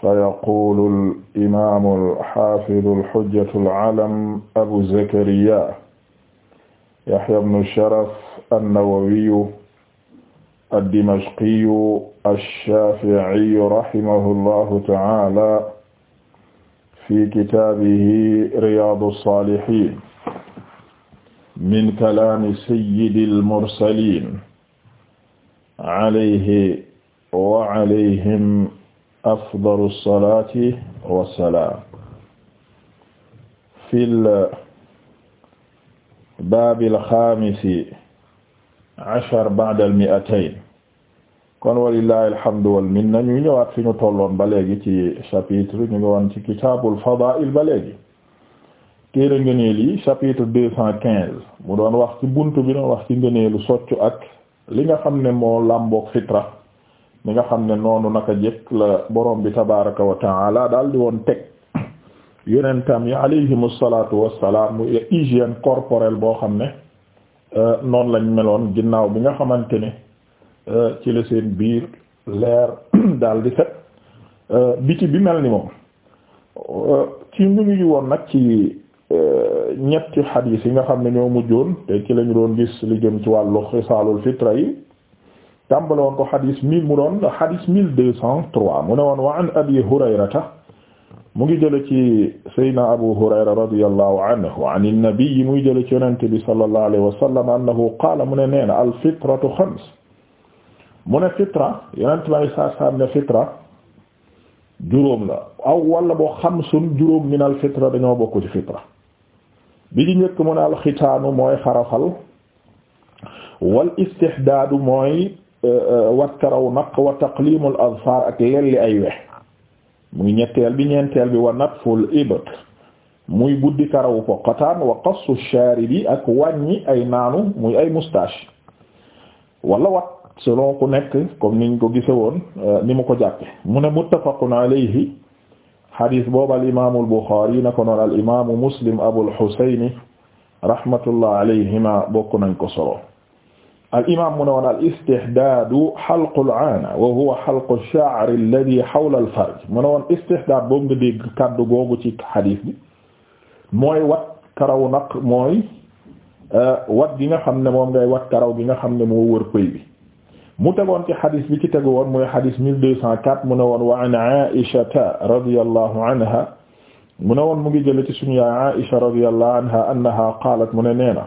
فيقول الإمام الحافظ الحجة العلم أبو زكريا يحيى بن شرف النووي الدمشقي الشافعي رحمه الله تعالى في كتابه رياض الصالحين من كلام سيد المرسلين عليه وعليهم afdalu salaati wa salaam fil baabil xaamisi ashar ba'dal mi'atayn kon walillahi alhamdu wal minna ñu ñëwaat fi ñu tolloon ba léegi ci chapitre ñu ngi woon ci kitaabul fadaa'il ba léegi téere ngëneeli chapitre mu doon wax ci bunt bi doon wax ci ngëneelu soccu ak li nga xam ne moo làmboog fitra mi nga xam ne noonu naka jëkk la borom bi tabaraka wa taala daal di woon teg yonentam yi alayhim asalatu wasalam mu hygiène corporelle boo xam ne euh, noonu lañ meloon ginnaaw bi nga xamante ne euh, ci la seen biir leer daal di set euh, biti bi mel ni moom ci ñu ngi woon nag ci ñetti xadiis yi nga xam ne ñoo mujjoon te ci lañu doon gis li jëm ci wàllu xisaalul fitra yi tàmbale woon ko xadis mille mu doon xadis deux cent trois mu ne woon wa abi hurayrata mu ngi jële ci saydna abu hurayra radiyallahu anhu an an-nabi muy jële ci yonente bi sallallahu alayhi wa sallam annahu qaala ne na al fitratu xams mu ne fitra yonente bi alai la aw wala boo xamsun juróom min al fitra dañoo bokk ci fitra bi di njëkk mu ne alxitaanu mooy xarafal wal istihdaadu mooy wat karaw naq wa taqlimul azfar ak lelli ay wex muy ñetteel bi ñeenteel bi wa natful ibat muy buddi karawu poqataan wa qassu sharibi ak wàññi ay naanu muy ay moustache walla wat selon ku nekk comme niñ ko gise woon euh, ni mu ko jàppe mu ne muttafaqun alayhi xadis boobu al imaamu al Buxaari na ko noon al imaamu Muslim Abul Husayni rahmatullah alayhima bokk nañ ko solo al imaam mu ne woon al istihdaadu xalqul aana wa huwa xalqu sha'ri alladhi hawla al farj mu ne woon istihdaad boobu nga dégg kàddu googu ci xadiis bi mooy wat karaw nag mooy euh, wat gi nga xam ne moom ngay wat karaw gi nga xam ne moo wër pëy bi mu tegoon ci xadiis bi ci tegu woon mooy xadiis 1204 mu ne woon wa an Aishata radiyallahu anha mu ne woon mu ngi jële ci suñu yaay Aisha radiyallahu anha annaha qaalat mu ne nee na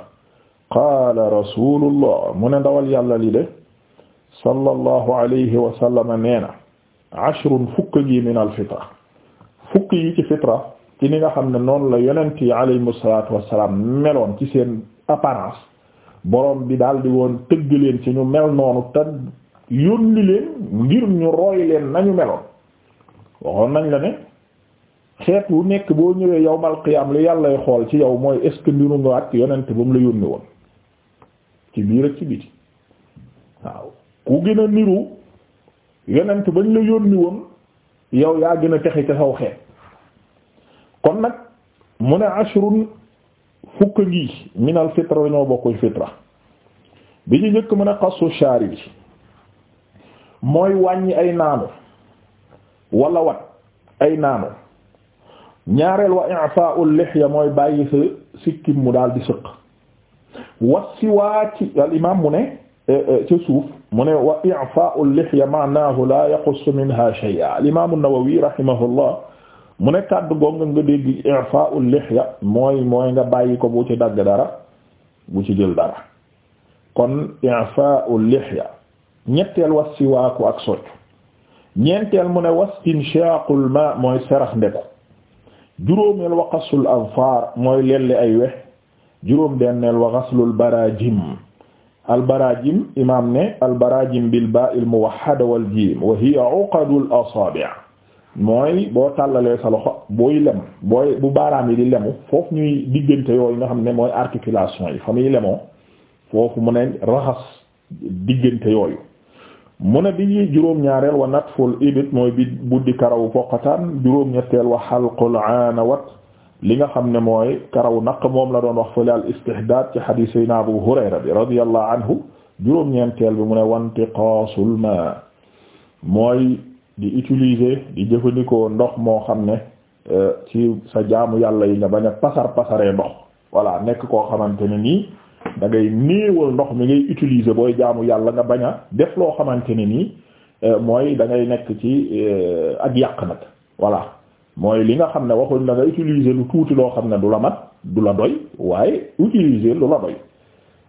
qaala rasulullah mu ne ndawal yàlla li de sallallahu alayhi wa sallam neena ashrun fukk gi min al fitra fukk yi ci fitra ci ni nga xam ne noonu la yonent yi alayhimu salaatu wassalaam meloon ci seen apparence borom bi daal di woon tëgg leen ci ñu mel noonu te yónni leen ngir ñu roy leen nañu meloon waxoon nañ la ne xeet wu nekk boo ñëwee yawmal qiyaam li yàllay xool ci yow mooy est-ce que niru nga ak yonent ba la yónni woon ci biir ak ci biti waaw ku gën a niru yonent bañ la yónni woon yow yaa gën a texe ca saw xeet kon nag mu ne ashrun fukk ngi minal fitra dañoo bokkuñ fitra bi ñu njëkk mu a xasu shaari bi mooy wàññi ay naanu wala wat ay naanu ñaareel wa i'fa'ul lihya mooy bàyyi sa sikkim mu daal di sëq wasiwaaki al imaam mu ne eh, eh, ca suuf mu ne wa i'faa'u lihya ma'naahu laa yaqussu minhaa shay'a al imaam an-Nawawi rahimahullah mu ne kàddu goog nga dégg i'faa'u lihya mooy mooy nga bàyyi ko bu ci dagg dara bu ci jël dara kon i'faa'u lihya ñetteel wasiwaaku ak soccu ñeenteel mu ne wastinshaaqul maa mooy serax ndeku juróomeel wa qassul azfaar mooy lelli ay wex juróom benneel wa ghaslul barajim al barajim imaam ne al barajim bil ba'il muwahhada wal jim wa hiya uqadul asabi' mooy boo tàllalee sa loxo booy lem booy bu baaraam yi di lemu foofu ñuy diggante yooyu nga xam ne mooy articulation yi fa muy lemoo foofu mu ne raxas diggante yooyu mu ne bi juróom-ñaareel wa natful ibit mooy buddi karawu poqataan juróom-ñetteel wa halqul aanawat li nga xam ne mooy karaw naq moom la doon wax fële al istihdaad ci xadiis sayna Abu Hurayra bi radiyallahu anhu juróom-ñeenteel bi mu ne wantiqaasul ma mooy di utiliser di jëfandikoo ndox moo xam ne euh, ci sa jaamu yàlla yi nga bañ a pasar pasaree ndox voilà nekk koo xamante ne nii dangay ngay néewal ndox mi ngay utiliser booy jaamu yàlla nga bañ a def loo xamante ne nii euh, mooy da ngay nekk ci euh, ak yàq nag voilà mooy li nga xam ne waxuñ la nga utiliser lu tuuti loo xam ne du la mat du la doy waaye utiliser lu la doy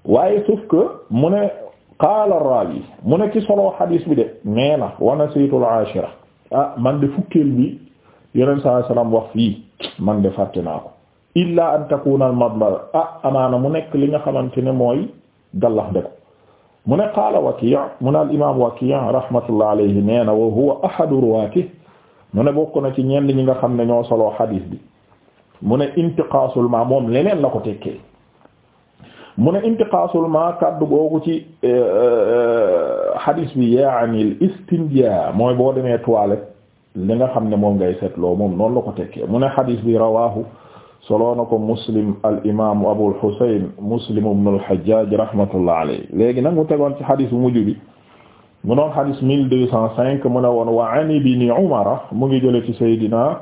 waaye sauf que mu ne qaala rawi mu ne ci solo xadiis bi de nee na wana saytul ashira ah man de fukkeel bi yeneen saa salaam wax fii man de fàtte naa ko illa an takuna ah, amaana mu nekk li nga xamante ne mooy gallax de ko mu ne qaala waki' mu ne al imam waki' alayhi nee na wa huwa ahadu ruwaatihi mu ne bokk na ci ñenn ñi nga xam ne ñoo soloo xadiis bi mu ne intiqaasul ma moom leneen la ko tekkee mu ne intiqaasul ma kàddu googu ci eh, eh, xadiis bi yaani al istinjaa mooy boo demee toilette li nga xam ne moom ngay seetloo moom noonu la ko tekkee mu ne xadiis bi rawaahu soloo na ko muslim al imaamu abul xuseyn muslim ibn al xajjaaj rahmatullah alayhi léegi nag mu tegoon ci xadiis bu mujj bi mu noon xadis mille deux cent cinq mu ne woon wa an ibni umara mu ngi jële ci saydina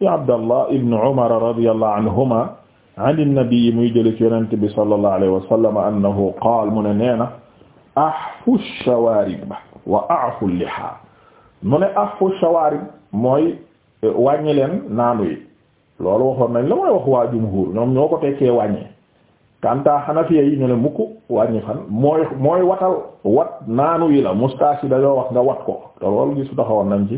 i abdallah ibni umara radiyallahu anhuma an innabii muy jële ci yonente bi sallallahu alayhi wa sallam annahu qaal mu ne nee na ahfu shawarib wa a'fu liha mu ne ahfu shawarib mooy eh, wàññi leen naanu yi loolu waxoon nañ la mooy wax waa jumhur ñoom ñoo ko tekkee wàññi kanta xanafiya yi ñu ne mukk wàññi fan mooy mooy watal wat naanu yi la moustache yi dañoo wax nga wat ko te lool gisu taxawoon nañ ci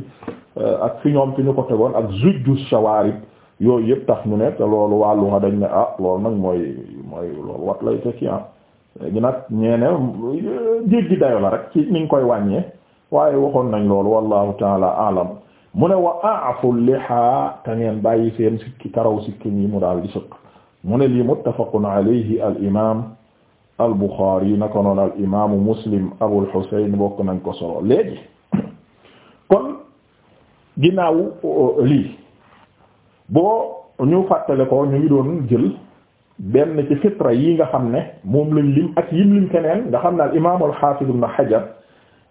euh, ak fi ñoom fi ñu ko tegoon ak zujju shawarib yooyu yëpp tax ñu ne te loolu wàllu nga dañ ne ah loolu nag mooy mooy loolu wat lay tekki ah gi nag ñeene gi dayo la rek ci ni koy wàññee waaye waxoon nañ loolu wallahu taala alam mu ne wa aaful liha te ngeen bàyyi seen sikki karaw sikki yi mu daal di sëq mu ne lii muttafaqun alayhi al imaam al buxaari naka noonu al imaamu muslim abul xusayn bokk nañ ko solo léegi kon ginnaaw euh, lii boo ñu fàttale ko ñu ngi doon jël benn ci fitra yi nga xam ne moom lañ lim ak yim lim keneen nga xam ne al imaamu al xaafis ibn xajar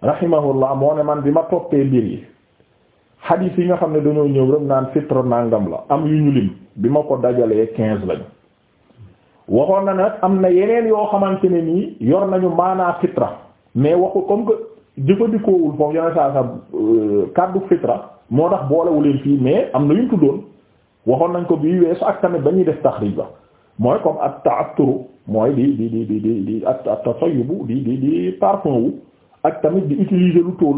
rahimahullah moo ne man bi ma toppee mbir yi xadiis yi nga xam ne dañoo ñëw rek naan fitra nangam la am yu ñu lim bi ma ko dajalee quinze lañu waxoon na nag am na yeneen yoo xamante ne nii yor nañu maanaa fitra mais waxu comme que jëfandikoowul foofu yeneen saa sa euh, kàddu fitra moo tax boolewu leen fii mais am na yu ñu tuddoon waxoon nañ ko bii weesu ak tamit ba ñuy def taxrij ba mooy comme at ta'atturu mooy di di di di di di at at-tayyib di di di parfum wu ak tamit di utiliser lu tool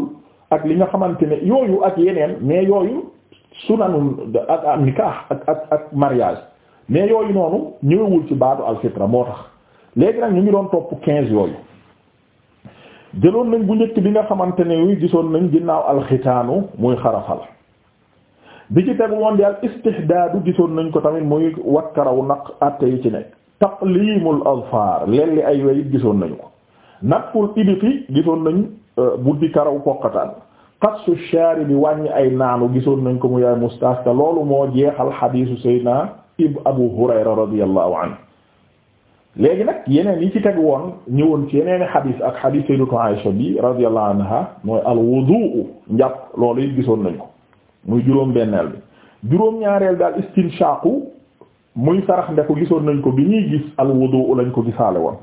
ak li nga xamante ne yooyu ak yeneen mais yooyu sunanu ak nikah ak ak ak mais yooyu noonu ñëwewul ci baatu alfitra moo tax léegi nag ñu ngi doon topp quinze yooyu jëloon nañ bu njëkk bi nga xamante ne yu gisoon nañ ginnaaw alxitaanu muy xarafal bi ci tegu woon di al istihdaadu gisoon nañ ko tamit muy wat karaw naq àtte yi ci nekk taqlimul azfar lelli ay weyit gisoon nañu ko natful iditi gisoon nañ euh, buddi karaw poqataan qasu shaari bi wàññi ay naanu gisoon nañ ko muy ay mustaas te loolu moo jeexal xadiisu sayna ib Abu Hurayra radiyallahu anhu léegi nag yeneen yi ci teg woon ñëwoon ci yeneeni xadiis ak xadiis sayyidatu Aisha bi radiyallahu anha mooy al wudu njàpp loolu it gisoon nañ ko muy juróom benneel bi juróom ñaareel daal istinshaqu muy sarax ndeku gisoon nañ ko bi ñuy gis al lañ ko gisaale woon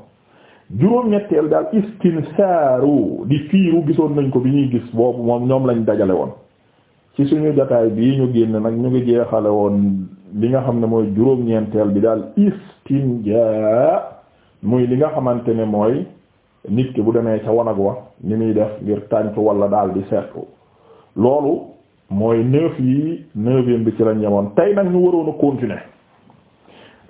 juróom ñetteel daal istinsaaru di fiiru gisoon nañ ko bi ñuy gis boobu moom ñoom lañ dajale woon ci suñu jotaay bii ñu génn nag ñu ngi jeexale woon li nga xam ne mooy juróom-ñeenteel bi daal istinjaa muy li nga xamante ne mooy nit ki bu demee ca wanag wa ni muy def ngir tànc wala daal di seetlu loolu mooy neuf yi neuvième bi ci la ñëwoon tey nag ñu waroon a continuer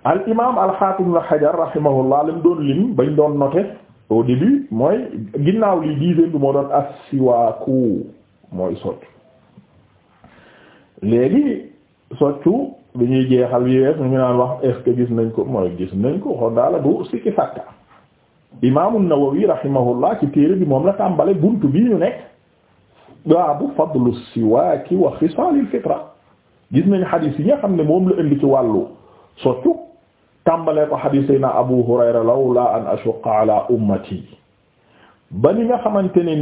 al imaam al xaatim la xajar rahimahullah lim doon lim bañ doon noter au début mooy ginnaaw li dixième bi moo doon assiwaaku mooy soccu léegi soccu bi ñuy jeexal yées ñu ngi naan wax est-ce que gis nañ ko mooy gis nañ ko xon daala du sikki sàkka imaamu Nawawi rahimahullah ci téere bi moom la tàmbale buntu bii ñu nekk baabu fadlu siwaaki wa xisaalil fitra gis nañ xadiis yi nga xam ne moom la indi ci wàllu soccu tàmbalee ko xadiis na Abu Hurayra lawla an ashuqqa ala ummati ba ni nga xamante ne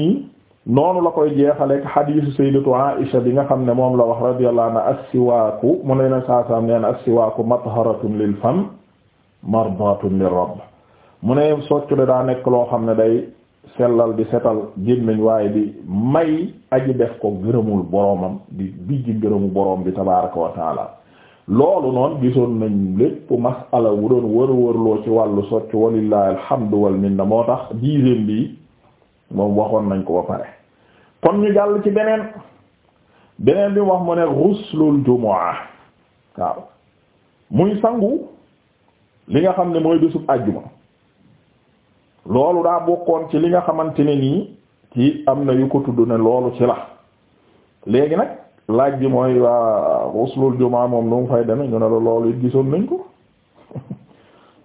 noonu la koy jeexaleeg xadiisu sayyidatu Aisha bi nga xam ne moom la wax radiyallahu anha ak siwaaku mu ne na saa saam neen ak siwaaku matharatun lil fam mardatun lir rabb mu ne soccu de daa nekk loo xam ne day sellal di setal nañ waaye di may aji def ko gërëmul boroomam di bijji gërëmu borom bi tabaaraka wa loolu noonu gisoon nañ lépp masala wu doon wër wërloo ci wàllu soccu walillahi alhamdu wal minna moo tax dixième bi moom waxoon nañ ko ba pare kon ñu jàll ci beneen beneen bi wax mu ne ghuslul jumaa waaw muy sangu li nga xam ne mooy bésub àjjuma loolu daa bokkoon ci li nga xamante ne nii ci am na yu ko tudd ne loolu ci la léegi nag laaj bi mooy waa ghuslul jumaa moom nu mu fay deme ñu ne la loolu it gisoon nañ ko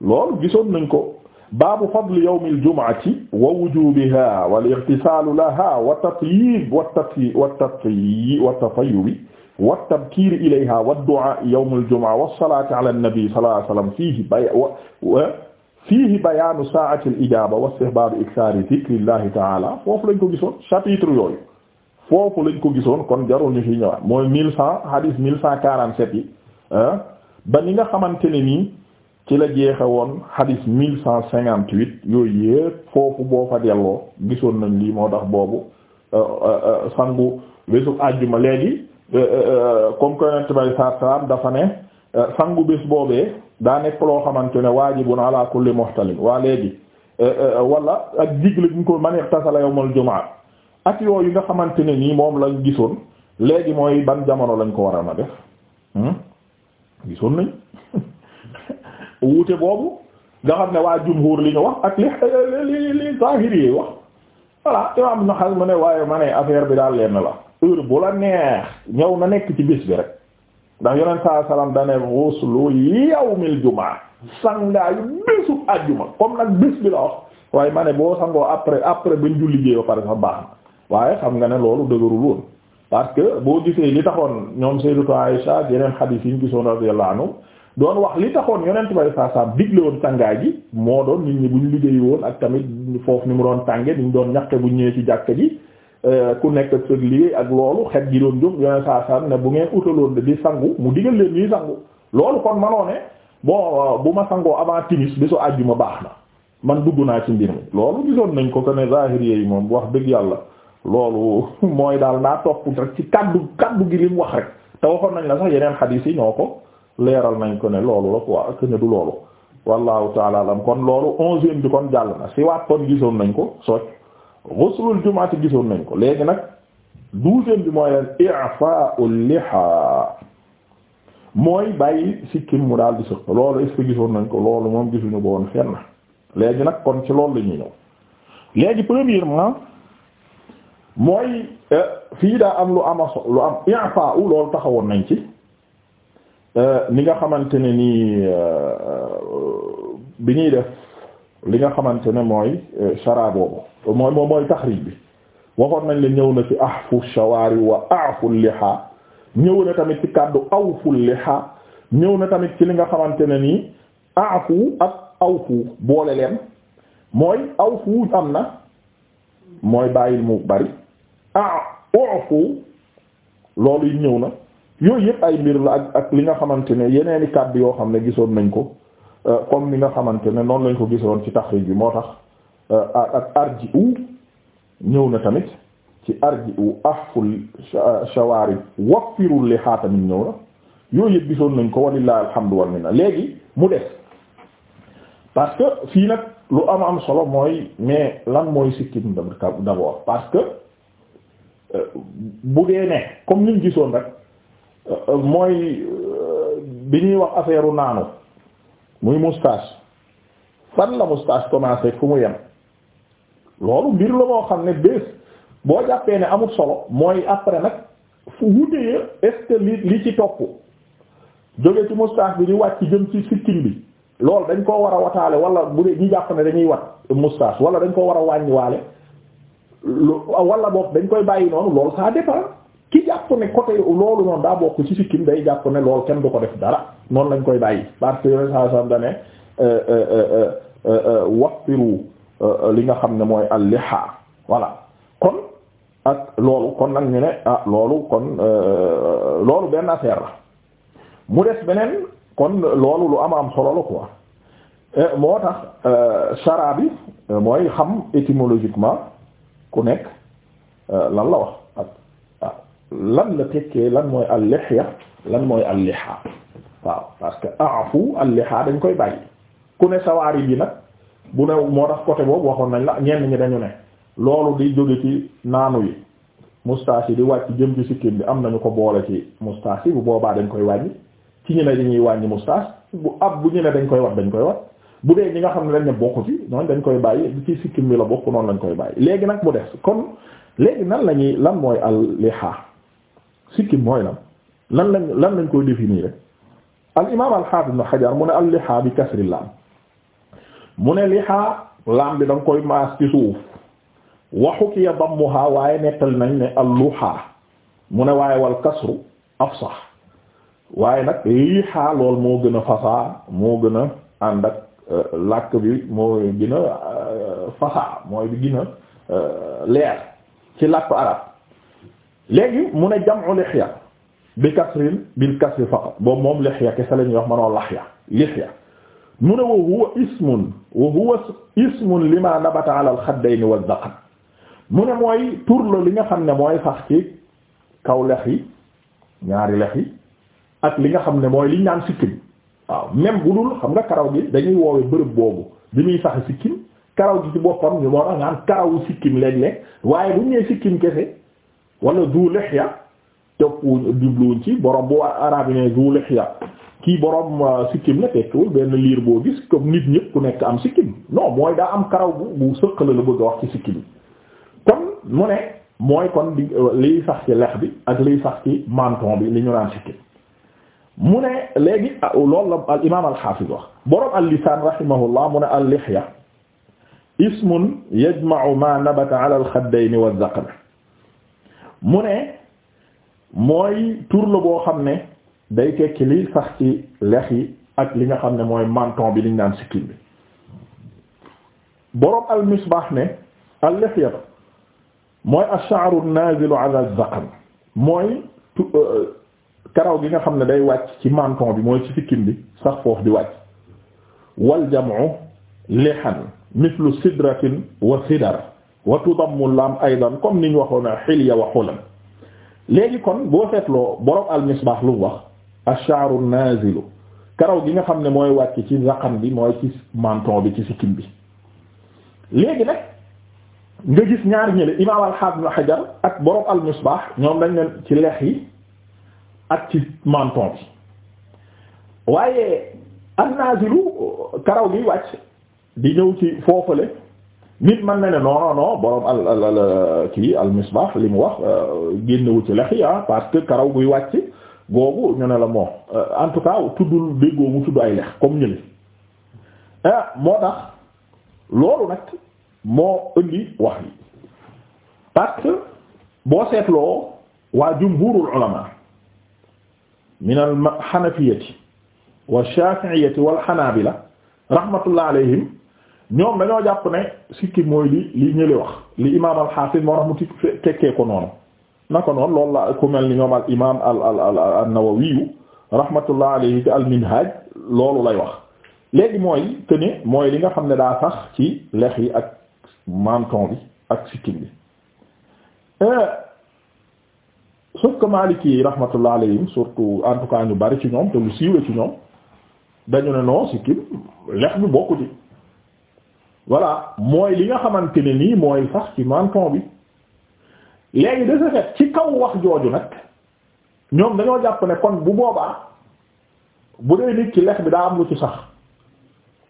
loolu gisoon nañ ko baabu fadli yawmil jumu'ati wa wujubiha wal ightisalu laha wa tatyib wa tatyib wa tatyib wa tatayyub wa tabkir ilayha wa du'a yawmil jumu'a was salatu ala an-nabi sallallahu alayhi wa sallam fihi bay fiihi bayaanu saa'ati al-ijaaba wa istihbaabu iksaari zikrillahi ta'aala foofu lañ ko gisoon chapitre yooyu foofu lañ ko gisoon kon jarul ñu fi ñëwaat mooy mille cent hadith mille cent quarante sept yi ba ni nga xamante ne nii ci la jeexe woon hadith mille cent cinquante huit yooyu yépp foofu boo fa delloo gisoon nañ lii moo tax boobu euh, euh, euh, sangu bésu àjjuma léegi comme que yonent bay saat salaam dafa ne sangu bés boobee daa nekk loo xamante ne waajibun ala kulli muhtalim waa léegi wala ak digle bu ko man tasala yawmul jumaa ak yooyu nga xamante ne nii moom lañ gisoon léegi mooy ban jamono lañ ko war a ma def hmm? gisoon nañ wuute boobu nga xam ne waa jumhur li ñu wax ak li li li zahiri yi wax voilà imam na xas ma ne waaye ma ne affaire bi daal leen la heure bu la neex ñëw na nekk ci bis bi rek ndax yoneen saa salaam dane ghuslu yawmil jumaa sangaayu bésu àjjuma comme nag bis bi la wax waaye ma ne boo sangoo après après bañ julli jee ba pare sax baax na waaye xam nga ne loolu dëgërul woon parce que boo gisee li taxoon ñoom Sayyidatu Aïsha yeneen xadiis yi ñu gisoon doon wax li taxoon yonent bay saa saam digle woon tàngaay gi moo doon nit ñi bu ñu liggéey woon ak tamit foofu ni mu doon tànge ni ñu doon ñaqe bu ñu ñëwee ci jàkka ji euh, ku nekk ak liggéey ak loolu xet gi doon jóg yonent saa saam ne bu ngeen utaloon di sangu mu digal leen ñuy sangu loolu kon manoo ne bon euh, bu ma sangoo avant timis bi su àjjuma baax na man dugg naa ci mbir mi loolu gisoon nañ ko que ne zahiri yi moom wax dëgg yàlla loolu mooy daal naa topp rek ci kaddu kaddu gi lim wax rek te waxoon nañ la yeneen xadiis yi ñoo ko leeral nañ ko ne loolu la quoi que ne du loolu wallahu taala kon loolu onzième bi kon jàll na siwaat kon gisoon nañ ko socc ghuslul jumaati gisoon nañ ko léegi nag douzième bi mooy leen i'fa'ul liha mooy bàyyi sikkim mu daal di sëq loolu est gisoon nañ ko loolu moom gisuñu ko woon fenn léegi nag kon ci loolu la ñuy ñëw léegi premièrement mooy euh, fii daa am lu ama lu am i'fa'u loolu taxawoon nañ ci ni nga xamante ne nii euh, bi ñuy def li nga xamante ne mooy chara euh, boobu mooy moom mooy taxrij bi waxoon nañ la ñëw na ci ahfu shawaari wa a'fu liha ñëw na tamit ci kàddu na tamit ci li nga xamante ne nii a'fu ak awfu boole leen mooy awfu am na mooy bàyyil mu bari ah a'fu loolu ñëw na yooyu yëpp ay mbir la ak ak li nga xamante ne yeneeni kàdd yoo xam ne gisoon nañ ko euh, comme li nga xamante ne noonu lañ ko gisoon ci taxrij bi moo tax euh, ak arji u ñëw na tamit ci arji u aful shawarib waffirul li xaatamit ñëw na yooyu yëpp gisoon nañ ko walillahi alhamdu wal minna léegi mu des parce que fii nag lu am am solo mooy mais lan mooy sikkim d'abord parce que euh, bu dee ne comme niñ gisoon rek mooy euh, bi ñuy wax affaire naanu muy moustache fan la moustache commencé fu mu yem loolu mbir la moo xam ne bés boo jàppee ne amul solo mooy après nag fu wutee est li li ci topp jóge ci moustache bi di wàcc jëm ci sikkin bi loolu dañ koo war a wataale wala bu dee ñu jàpp ne dañuy wat moustache wala dañ koo war a wàññiwaale wala boog dañ koy bàyyi noonu loolu ça dépend ki jàpp ne côté loolu noonu daa bokk ci sikkim day jàpp ne loolu kenn du ko def dara noonu lañ koy bàyyi parce que yoneen saa sam dane euh, euh, euh, waqtiru li nga xam ne mooy al-liha voilà kon ak loolu kon nag ñu ne ah loolu kon loolu benn affaire la mu des beneen kon loolu lu am am solo la quoi moo tax chara mooy xam étymologiquement ku nekk lan la wax lan la tekkee lan mooy al-lihya lan mooy al-liha waaw parce que a'fu al-liha dañ koy bàyyi ku ne sawaari bi nag bu ne moo tax côté boobu waxoon nañ la ñenn ñi dañu ne loolu di jóge ci naanu yi moustache yi di wàcc jëm ci sikkim bi am nañu ko boole ci moustache yi bu boobaa dañ koy wàññi ci ñu ne dañuy wàññi moustache bu ab bu ñu ne dañ koy wat dañ koy wat bu dee ñi nga xam ne dañ ne bokku ci noonu dañ koy bàyyi ci sikkim bi la bokk noonu lañ koy bàyyi léegi nag mu def kon léegi nan la ñuy lan mooy al liha sikkim mooy lan lan lañ lan lañ koy définir al imaam al haafid ibn Hajar mu ne al lihaa bi kasri laam mu ne lihaa laam bi da koy maas ci suuf waxu ki ya dammuhaa waaye nettali nañ ne al luhaa mu ne waaye wal kasru afsah waaye nag lihaa lool moo gën a fasaa moo gën a ànd ak euh, làkk bi moo gën a euh, fasaa mooy bi gën a euh, leer ci làkk arab léegi mu ne jam'u lihya bi kasrin bil kasri faqat boobu moom lihya kese la ñuy wax ma noo lahya lihya mu ne wa huwa ismun wa huwa ismun lima nabata ala al xaddayni wal mu ne mooy tur la li nga xam ne mooy sax ci kaw lex yi ñaari lex yi ak li nga xam ne mooy liñ naan sikkim waaw même bu dul xam nga karaw gi dañuy woowe bërëb boobu bi muy sax sikkim karaw gi ci boppam ñu moo tax nga am karawu sikkim léeg-léeg waaye bu ñëwee sikkim kese wala du lihya topp jubluwuñ ci borom bu arabe yi ne du lihya kii borom uh, sikkim la tekkiwul benn liir boo gis comme nit ñëpp ku nekk am sikkim non mooy daa am karaw bu bu sëqala la bëgg a wax ci sikkim kon mu ne mooy kon di uh, liy sax ci lex bi ak liy sax ci menton bi li ñu naan sikkim mu ne léegi uh, loolu la al imaam al xaafis wax borom al lisaan rahimahullah mu ne al lihya ismun yajma'u ma nabata ala al xaddayni wa dhaqna mu ne mooy tur la boo xam ne day tekki li sax ci lex yi ak li nga xam ne mooy manton bi liñ naan sikkim bi boroom al-Misbah ne al-lihya mooy ash-sha'ru an-nazilu ala az-zaqn mooy tu euh, karaw gi nga xam ne day wàcc ci menton bi mooy ci sikkim bi sax foofu di wàcc wal jam'u lihan mithlu sidratin wa sidar wa tudammu laam aydan comme niñ waxoon xilya wa xulan léegi kon boo seetloo borom al-Misbah lu wax ash-sha'ru an-nazilu karaw gi nga xam ne mooy wàcc ci zaqan bi mooy ci menton bi ci sikkim bi léegi nag nga gis ñaar ñële imaam al-Hafiz Hajar ak borom al-Misbah ñoom dañ leen ci lex yi ak ci menton bi waaye an-nazilu karaw gi wàcc di ñëw ci foofale nit man na ne non non non euh, kii al misbah li mu wax euh, génnewu ci lexi ah, parce que karaw guy wàcc googu ñu ne la moo euh, en tout cas tuddul déggoo tudd ay lex comme ñu ah, moo tax loolu nag moo indi wax parce que boo seetloo waa jumhurul ulama min al xanafiyati wa shafi'iyati wal xanaabila rahmatullah alayhim ñoom dañoo jàpp ne sikki mooy li li wax li imaam alxaafis moo tax tekkee ko noonu ko noonu loolu la ku mel ni ñoom al imaam al al al nawawiyu rahmatullah alayhi al minhaj loolu lay wax léegi mooy que ne nga xam ne daa ci lex yi ak menton ak sikkim bi euh, sauf que Maliki yi rahmatullah surtout en tout cas ñu bari ci ñoom te lu siiwee ci ñoom dañu ne non sikkim lex bi bokku ci voilà mooy li nga xamante ne nii mooy sax ci manton bi léegi de ce ci kaw wax jooju nag ñoom dañoo jàpp ne kon bu boobaa bu dee nit ci lex bi daa am lu ci sax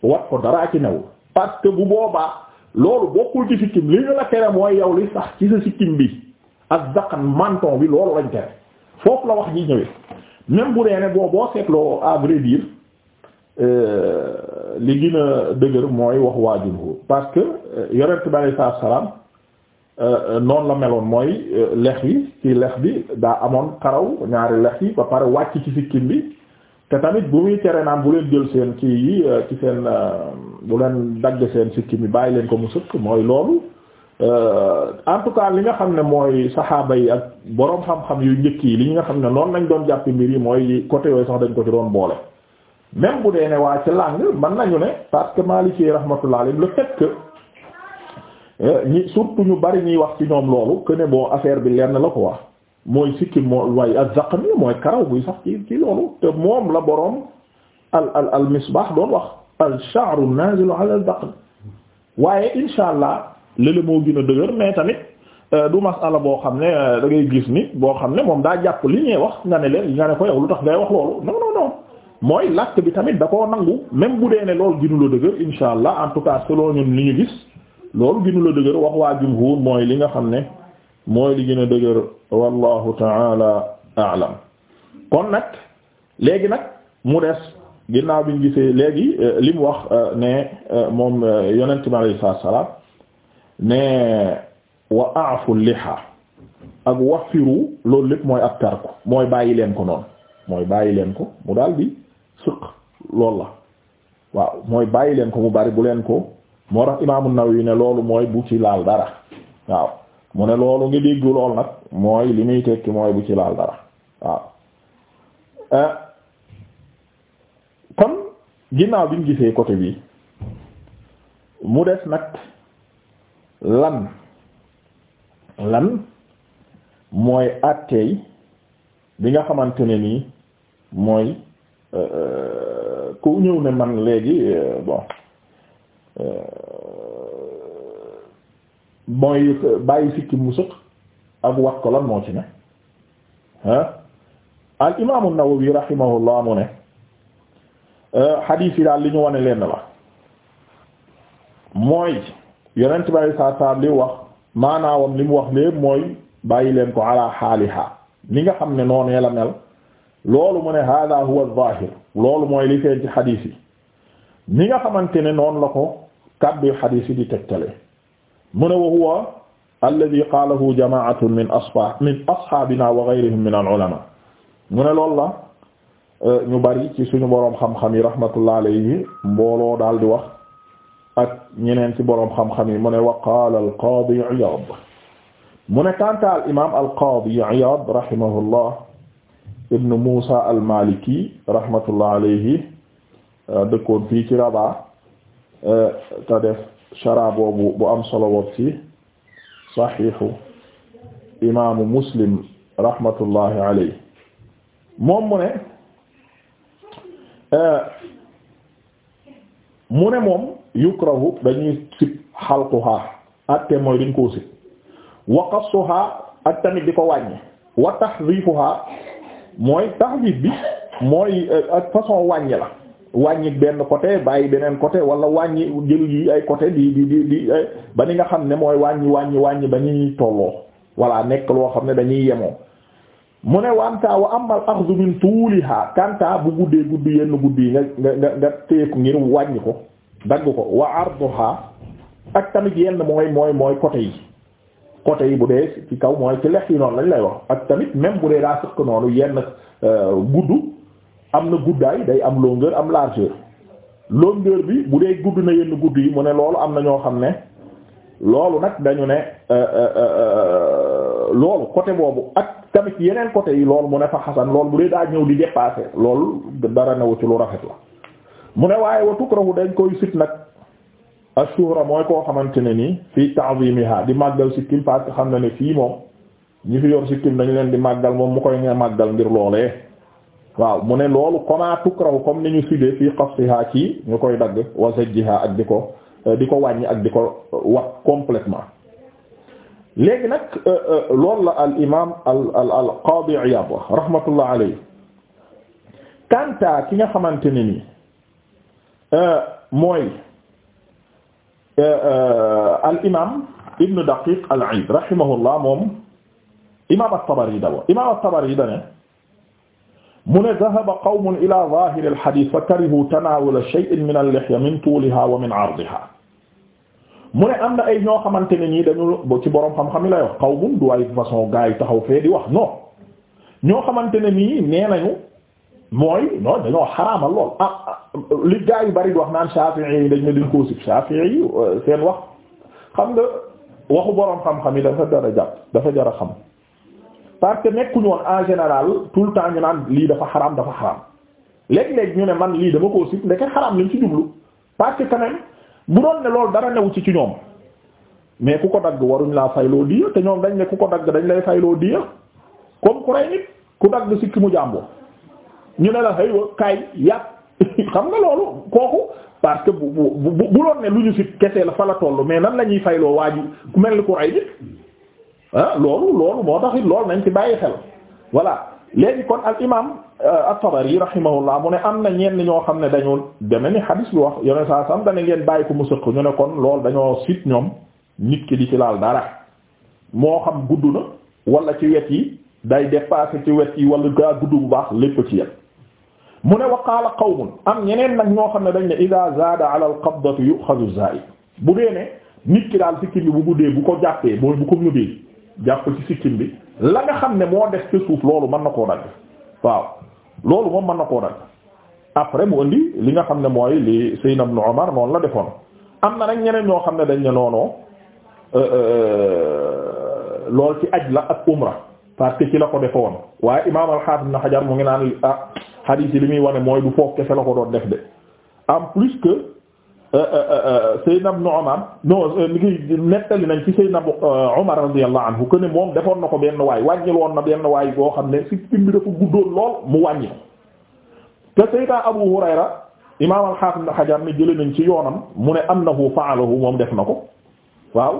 wat ko daraa ci new parce que bu boobaa loolu bokkul ci sikkim li ñu la tere mooy yow li sax ci sa sikkim bi ak daqan menton bi loolu lañ tere foofu la wax ji ñëwee même bu dee ne boo seetloo à vrai euh, li gën dëgër mooy wax waajur parce que euh, yonent bi alayhi salaam euh, euh, noonu la meloon mooy lex yi ci lex bi daa amoon karaw ñaari lex yi ba pare wàcc ci sikkim bi te tamit bu muy tere naan bu leen jël seen kii yi ci seen bu leen dagg seen sikkim bi bàyyi leen ko mu sëkk mooy loolu en tout cas li nga xam ne mooy saxaaba yi ak boroom xam-xam yu njëkk yi li nga xam ne noonu lañ doon jàpp mbir yi mooy côté yooyu sax dañ ko ci doon boole. même bu dee ne waa ci langue mën nañu ne parce que Maliki rahmatullah alayhi le fait que euh, ñi surtout ñu bari ñuy wax ci ñoom loolu que ne bon affaire bi lenn la ko wax mooy sikki moo waaye az-Zaqmi mooy karaw buy sax ci loolu te moom la boroom al al al misbah doon wax al-sha'ru an-nazilu ala al-zaqm waaye insha allah lële moo gin a dëgër mais tamit euh, du masala boo xam ne euh, da ngay gis ni boo xam ne moom daa jàpp li ñuy wax nga ne leen nga ne ko yow lu tax mooy lakk bi tamit da koo nangu même bu dee ne loolu ginu la dëgër insha en tout cas selon ñun li ñu gis loolu ginu la dëgër wax waa jumhur mooy li nga xam ne mooy li gën a dëgër wallahu taala aalam kon nag léegi nag mu des ginnaaw bi ñu gisee léegi euh, li mu wax euh, ne euh, moom yonent bi alayhi salaatu salaam ne wa a'fu liha ak wafiru loolu lépp mooy ab tarku mooy bàyyi leen ko noonu mooy bàyyi leen ko mu daal bi sëq loolu la waaw mooy bàyyi leen ko mu bari bu leen ko moo tax imaamu yi ne loolu mooy bu ci laal dara waaw mu ne loolu nga dégg lool nag mooy li muy tekki mooy bu ci laal dara waaw eh, kon ginnaaw bi ñu gisee côté bi mu des nag lan lan mooy àtteey bi nga xamante ne nii mooy ku ñëw ne man léegi euh, bon euh, mooy bàyyi sikki mu sëq ak wax ko lan moo ci ne ah al imaamu Nawawi rahimahullah mu ne euh, xadiis yi daal li ñu wane leen la mooy yonent bàyyi saa saa li wax maanaawam li mu wax lépp mooy bàyyi leen ko ala xaaliha ni nga xam ne noonee la mel loolu mu ne loolu mooy li feeñ ci xadiis yi ni nga xamante ne noonu la ko kàddu xadiis yi di tegtale mu ne wa huwa alladhi qaalahu jamaatun min asba wa ghayrihim min al-ulama mu ne loolu la euh, ñu bari ci suñu boroom xam-xam yi rahmatullah alayhi mbooloo daal di wax ak ñeneen ci boroom xam yi mu ne wa qaala al-qaadi Iyaad mu ne kanta al-imaam al-qaadi Iyaad rahimahullah ibn Musa al-Maliki rahmatullah alayhi euh, dëkkoon fii ci euh, bu am solo bopp ci saxiixu imaamu Muslim rahmatullahi alayhi moom euh, mu ne moom yukrahu dañuy sib xalquha atte mooy dañ koo sib wa qassuha ak wa tahdhifuha mooy tahdid bi mooy euh, ak façon wàññi la wàññi benn côté bàyyi beneen côté wala wàññi jël yi ay côté di di di ba ni nga xam ne mooy wàññi wàññi wàññi ba ñuy tolloo wala nekk loo xam ne dañuy yemoo mu ne wantaa wa amal axdu min tuuliha kanta bu guddee gudd yenn gudd yi nga nga nga nga téyeku ngir wàññi ko dagg ko wa arduha ak tamit yenn mooy mooy mooy côté yi côté yi bu dee ci kaw mooy ci lex yi noonu lañ lay wax ak tamit même bu dee daa sëq noonu yenn euh, gudd am na guddaay day am longueur am largeur longueur bi bu dee gudd na yenn gudd yi mu ne loolu am na ñoo xam ne loolu nag dañu ne euh, euh, loolu côté boobu ak tamit yeneen côté yi loolu mu ne fa xasan loolu bu dee daa ñëw di dépasser loolu dara newu ci lu rafet la mu ne waaye wa tukrahu dañ koy sit nag ashuhra mooy koo xamante ne nii fii ta'zimiha di màggal sikkim parce que xam na ne fii moom ñi fi yor sikkim dañu leen di màggal moom mu koy nga màggal ngir loolee waaw mu ne loolu kama tukrahu comme ni ñu sudee fii qasiha ci ñu koy dagg wa sajjiha ak di ko euh, di ko wàññi ak di ko euh, wax complètement léegi nag euh, loolu la al imam al al al qadi Iyad wax rahmatullah alayhi ki nga xamante ne nii mooy Euh, euh, al imaam Ibn Daqiq al-Iid rahimahullah moom imaam at-Tabari d'abord imaam at-Tabari da ne mu ne dhahaba qawmun ilaa zaahiri al-hadiis fa karihuu tanaawula shay'in min al-lihya min tuulihaa wa min 'ardihaa mu ne am na ay ñoo xamante ne ñii dañu ci boroom xam-xam yi lay wax qawmun du ay façon gaa yi taxaw fee di wax non ñoo xamante ne nii nee nañu. mooy non dañoo xaraamal lool ah, ah li gaa yu bari di wax naan Shafi'i yi dañ ne dañ koo sib Shafi'i yi euh, seen wax xam nga waxu boroom xam-xam yi dafa jar a jàpp dafa jar a xam parce que nekkuñu woon en général tout le temps ñu naan lii dafa xaraam dafa xaraam léeg-léeg ñu ne man lii dama koo sib ndeke xaraam lañ ci jublu parce que quand même bu doon ne loolu dara new ci ci ñoom mais ku ko dagg waruñ laa fayloo diya te ñoom dañ ne ku ko dagg dañ lay fayloo diya ku rey nit ku dagg ñu ne la aywa kaay yàpp xam na loolu kooku parce que bu bu bu doon ne lu ñu si kese la fa la toll mais nan lañuy ñuy fayloo waa ji ku mel ni ku rey nit ah loolu loolu moo tax it nañ ci bàyyi xel voilà léegi kon al imaam euh, at-Tabari rahimahullah mu ne am na ñenn ñoo xam ne dañu deme ni xadis bi wax yeneen saa sam dana ngeen bàyyi ko mu sëq ñu ne kon loolu dañoo sit ñoom nit ki di ci laal dara moo xam gudd na wala ci wet yi day dépasser ci wet yi wala gaa gudd bu baax lépp ci mu ne wa qaala qawmun am ñeneen nag ñoo xam ne dañ ne ida zaada ala al qabdati yu'khadhu zaid bu dee ne nit ki daal sikkim bi bu guddee bu ko jàppee mooy bu ko ñëbee jàpp ci sikkim bi la nga xam ne moo def ci suuf loolu mën na koo dagg waaw loolu moom mën na koo dagg après mu indi li nga xam ne mooy li Seydina Ibn Umar la defoon am na nag ñeneen ñoo xam ne dañ ne noonoo euh, euh, lool ci aj la ak umra parce que ci la ko defe woon waaye imaam al-Hafiz Ibn mu ngi naan ah hadith li muy wane mooy du foofu kese la ko doon def de en plus que euh, euh, euh, Seydina Ibn Umar non li nettali nañ ci Seydina Umar radiyallahu anhu que moom defoon na ko benn waay wàññil woon na benn waay boo xam ne si tim dafa guddoon lool mu wàññi te Seydina Abu Hurayra imaam al-Hafiz Ibn Hajar ne nañ ci yoonam mu ne am na annahu fa'alahu moom def na ko waaw.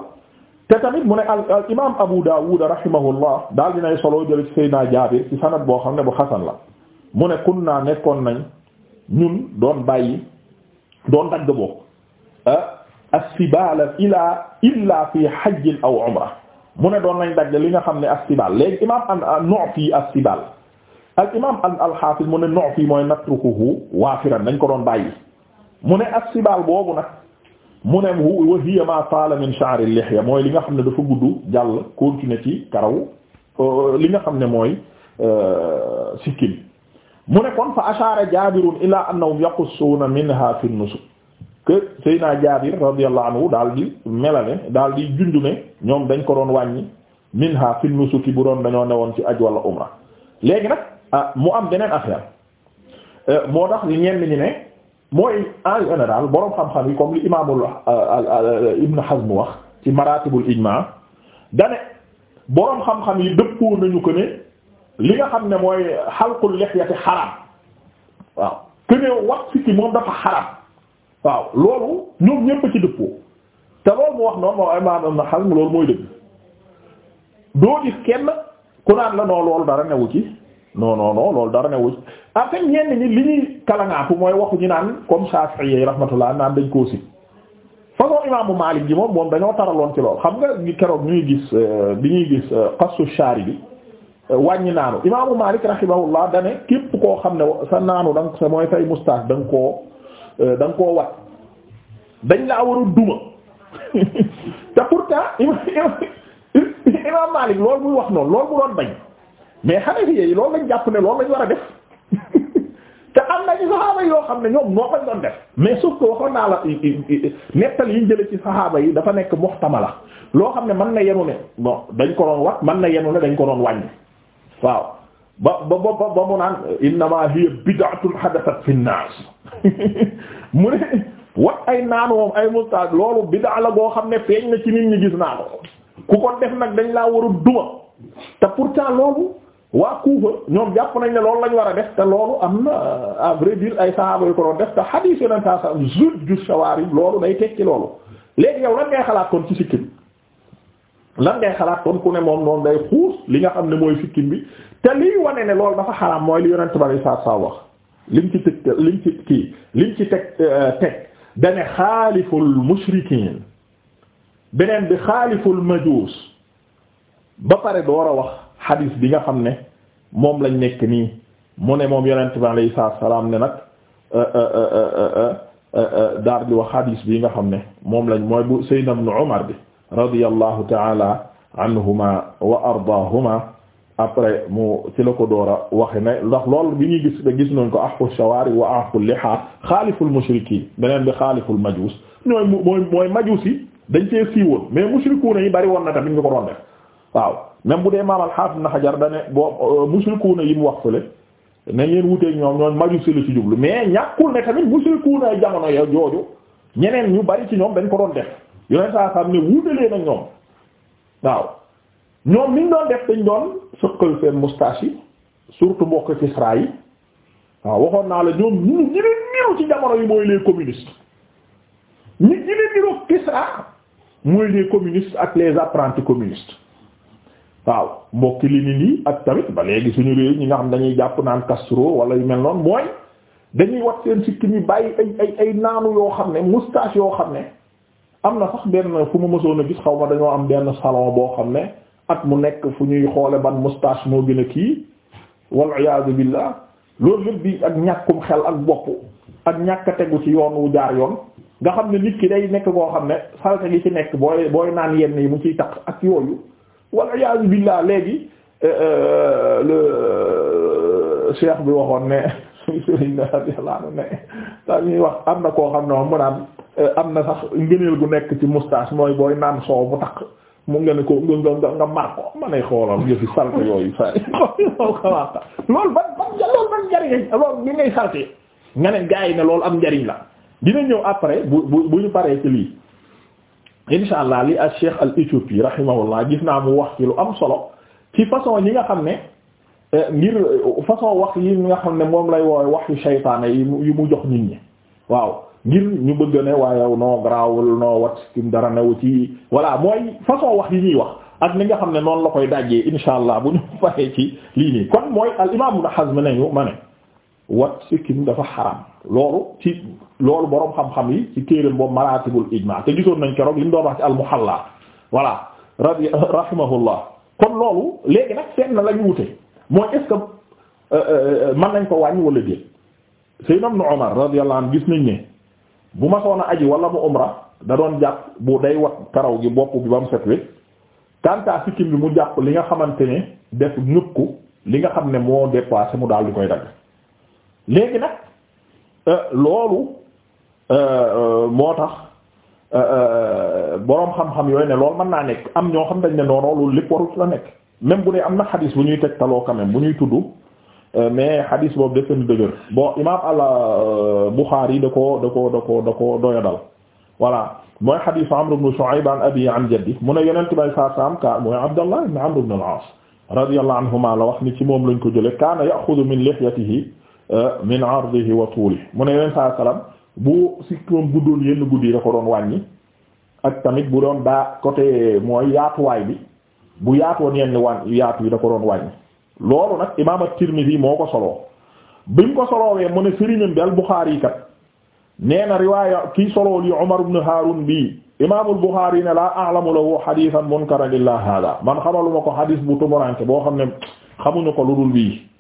te tamit mu ne al imaam Abu Dawud rahimahullah daal dinay solo jël ci Seydina Jaabir ci sanad boo xam ne bu xasan la mu ne kunna nekkoon nañ ñun doon bàyyi doon dagg boo ah, as-sibaal ila illa fi hajj aw umra mu ne doon nañ dagg li nga xam ne as-sibaal léegi imaam an-Nu'fi as-sibaal al imaam al-Hafiz mu ne Nu'fi mooy natrukuhu waafiran dañ ko doon bàyyi mu ne as-sibaal boobu nag mu ne wa hiya ma taala min sha'r mooy li nga xam ne dafa gudd jàll continuer ci karaw euh, li nga xam ne mooy euh, sikkim mu ne kon fa ashara jabirun ila annahum yaqussuuna minha fi nusuk que Seydina Jaabir radiyallahu anhu daal di melale daal di jundu ne ñoom dañ ko doon wàññi minha fi nusuki bu doon dañoo newoon ci aj wala umra léegi nag ah mu am beneen affaire euh, moo tax ñenn ñi ne mooy en général boroom xam-xam yi comme li imaamul euh, euh, Ibn Hazm wax ci maratibul ijmaa dane borom xam-xam yi dëppoo nañu ko li nga xam ne mooy xalqul lihyati xaraam waaw que ne wax si ci moom dafa xaraam waaw loolu ñoom ñépp ci dëppoo te loolu mu wax noonu moom imaam Ibn Hazm loolu mooy dëgg doo gis kenn ku naan la noo loolu dara newu ci. non non non loolu dara ne wuñ en ñenn ñi li ñuy kalangaatu mooy waxu ñu naan comme Shafi'i yi rahmatullah naan dañ koo si façon imaamu Maalik ji moom moom dañoo taraloon ci lool xam nga keroog ñuy gis euh, bi ñuy gis xasu euh, shaari bi euh, wàññi naanu imaamu Maalik rahimahullah dane képp koo xam ne sa naanu da nga sa mooy fay moustache da nga koo da koo wat dañ laa war a duma te pourtant imaam Maalik loolu muy wax noonu loolu mu doon bañ mais Hanafiya yi loolu lañ jàpp ne loolu lañ war a def te am nañu saxaaba yoo xam ne ñoom noo koñ doon def mais sauf que waxoon naa la nettal yi ñu jële ci saxaaba yi dafa nekk muxtamala loo xam ne man na yenu ne bon dañ ko doon wax man na yenu ne dañ ko doon wàññi waaw ba ba ba ba mu naan innama hiya bid'atun hadathat fi an mu ne ay naanu moom ay mustaad loolu bid'a la goo xam ne feeñ na ci nit ñi gis naa ko ku ko def nag dañ laa war a duma te pourtant loolu waa Kuufa ñoom jàpp nañ ne loolu lañ war a def te loolu am na à vrai ay sahaaba yu ko doon def te xadiis yo neen saa sa zut ju shawarib loolu day tekki loolu léegi yow lan ngay xalaat kon ci sikkim lan ngay xalaat kon ku ne moom noonu day xuus li nga xam ne mooy sikkim bi te liy wane ne loolu dafa xaraam mooy li yonent bari saa saa wax liñ ci teg liñ ci kii liñ ci teg teg dane xaaliful mushrikiin beneen bi xaaliful majuus ba pare door a wax xadis bi nga xam ne moom lañ nekk nii mu ne moom yonent bi alayhi salaam ne nag euh, euh, euh, daar di wax xadis bi nga xam ne moom lañ mooy bu Sayyidina ibn Umar bi radiyallahu ta'ala anhuma wa ardaahuma après mu ci la ko door a waxe ne ndax lool bi ñuy gis da gis nañ ko ahfu shawaari wa ahfu liha xaaliful mushrikiin beneen bi xaaliful majuus ñooy mooy mooy majuus yi dañ cee siiwoon mais mushrikuuna yi bari woon na tamit ñu ko doon waaw même bu dee imaam al-Hafiz Ibn Hajar dane boo euh, mushrikuuna yi mu wax fële na ngeen wuteeg ñoom ñooñ majusi la ci jublu mais ñàkkul ne tamit mushrikuuna ay jamono ya jooju ñeneen ñu bari ci ñoom dañ ko doon def yoneen saa xam ne wuutelee nag ñoom waaw def dañ doon sëqal surtout mbokk Kisra yi waaw waxoon naa la ñoom ñu gën a niru ci jamono yi mooy les communistes ñi gën a niru Kisra mooy les communistes ak les apprentis communistes waaw mbokki li nit yi ak tamit ba léegi suñu réew ñi nga xam dañuy jàpp naan Castro wala yu mel noonu mooy dañuy wax seen sikki mi bàyyi ay ay naanu yoo xam ne moustache yoo xam ne am na sax benn fu ma mësoon a gis xaw ma dañoo am benn salon boo xam ne at mu nekk fu ñuy xoole ban moustache moo gën kii wal iyaadu billah loolu lépp bi ak ñàkkum xel ak bopp ak ñàkk tegu ci yoon wu jaar yoon nga xam ne nit ki day nekk koo xam ne salte gi ci nekk booy booy naan yenn yi mu ciy tax ak yooyu wal iyaazu billah léegi euh, euh, le euh, cheikh bi waxoon ne sëriñ la radiyallahu anhu am na koo xam ne moom mu na sax ngëneel gu nekk ci moustache mooy booy naan soow bu takk mu nga ne ko nga ma nay xoolal nga fi salte yooyu sa loolu xawaata loolu ne yi ne loolu am njariñ la dina ñëw après bu bu bu ñu paree ci lii insha allah li ak cheikh al éthiopie rahimahullah gis naa mu wax ci lu am solo ci façon yi nga xam ne eh, ngir façon wax yi nga xam ne moom lay woowe wax yu shaytaane yi yu mu jox nit ñi waaw ngir ñu bëgg ne waaye yow noo garaawul noo wat kim dara new ci voilà mooy façon wax yi ñuy wax ak ni nga xam ne noonu la koy dajjee insha allah bu ñu faxee ci lii nii kon mooy al imam Ibn Hazm nañu ma ne wat sikkim dafa xaram loolu ci loolu boroom xam-xam yi ci téereem boobu maratibul ijma te gisoon nañ keroog li mu doon wax ci al-Muhalla voilà rabi rahimahullah kon loolu léegi nag fenn la ñu wute mooy est-ce que euh, euh, nañ ko wàññi wala déet Sayyidna Ibn Umar radiyallahu anhu gis nañ ne bu ma soona aji wala mu umra da doon jàpp bu day wat karaw gi bopp bi ba mu set wet kantaa sikkim bi mu jàpp li nga xamante ne def ñëpp ko li nga xam ne moo dépassé mu daal di koy dagg léegi nag. Euh, loolu euh, euh, moo tax boroom xam-xam yooyu ne loolu mën naa nekk am ñoo xam dañ ne noonu loolu lépp waru la nekk même bu dee am na xadis bu ñuy teg taloo quand même bu ñuy tudd mais xadis boobu def na dëgër bon imaam al Buxaari da ko da ko da ko da ko doyadal voilà mooy xadis Amr ibn Shu'ayb an abi an jaddi mu ne yeneen bay saa saam ka mooy Abdallah ibn Amr ibn al-As anhuma la wax ni ci moom lañ ko jële kaana ya'khudhu min lihyatihi Euh, min ardihi wa tuuli mu ne yeneen saa salaam bu sikkoom guddoon yenn guddi da ko doon wàññi ak tamit bu doon daa côté mooy yaatuwaay bi bu yaatoon yenn wàññ yaatu yi da ko doon wàññi loolu nag imaam at-Tirmidhi moo ko soloo bi mu ko soloowee mu ne sëriñam bi al-Bukhari kat nee riwaaya kii soloo li Umar ibn Harun bi imaamul Bukhari ne laa a'lamu lahu hadithan munkaran illa hada man xamaluma ko hadith bu tumuranke boo xam ne xamuñu ko lu dul bii